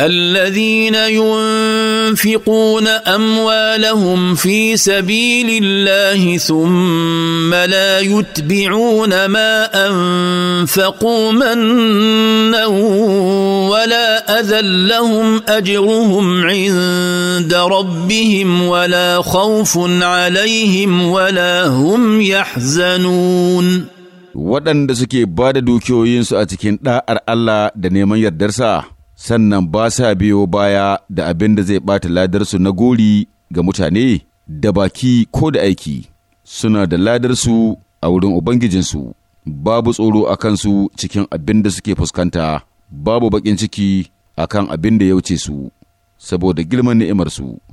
الذين ينفقون اموالهم في سبيل الله ثم لا يتبعون ما انفقوا منا ولا اذى لهم اجرهم عند ربهم ولا خوف عليهم ولا هم يحزنون waɗanda suke ba da dukiyoyinsu a cikin ɗa'ar Allah da neman yardarsa sannan ba sa biyo baya da abin da zai ɓata ladarsu na gori ga mutane da baki ko da aiki, suna da ladarsu a wurin Ubangijinsu, babu tsoro a kansu cikin abin da suke fuskanta, babu baƙin ciki a kan abin da ya wuce su, saboda girman ni'imarsu.